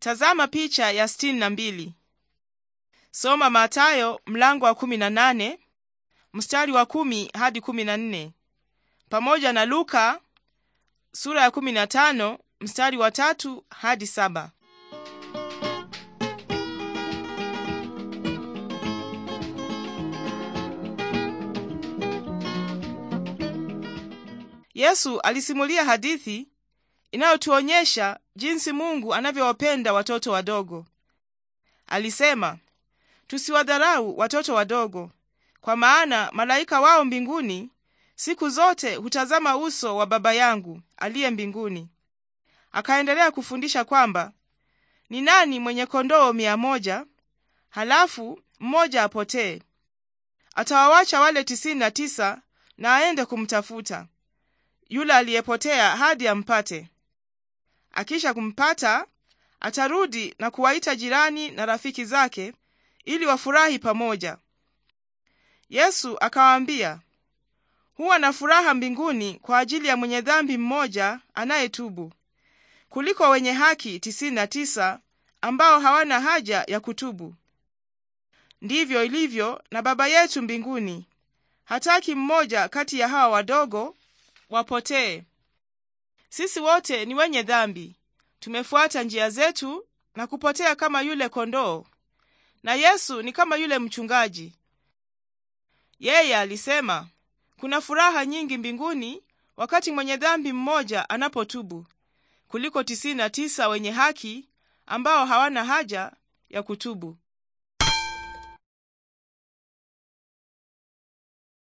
Tazama picha ya sitini na mbili. Soma Mathayo mlango wa kumi na nane mstari wa kumi hadi kumi na nne pamoja na Luka sura ya kumi na tano mstari wa tatu hadi saba. Yesu alisimulia hadithi inayotuonyesha jinsi Mungu anavyowapenda watoto wadogo. Alisema, tusiwadharau watoto wadogo, kwa maana malaika wao mbinguni siku zote hutazama uso wa Baba yangu aliye mbinguni. Akaendelea kufundisha kwamba ni nani mwenye kondoo mia moja halafu mmoja apotee? Atawawacha wale tisini na tisa na aende kumtafuta yule aliyepotea hadi ampate. Akisha kumpata atarudi na kuwaita jirani na rafiki zake ili wafurahi pamoja. Yesu akawaambia, huwa na furaha mbinguni kwa ajili ya mwenye dhambi mmoja anayetubu kuliko wenye haki tisini na tisa ambao hawana haja ya kutubu. Ndivyo ilivyo na Baba yetu mbinguni, hataki mmoja kati ya hawa wadogo wapotee. Sisi wote ni wenye dhambi, tumefuata njia zetu na kupotea kama yule kondoo, na Yesu ni kama yule mchungaji. Yeye alisema kuna furaha nyingi mbinguni wakati mwenye dhambi mmoja anapotubu kuliko tisini na tisa wenye haki ambao hawana haja ya kutubu.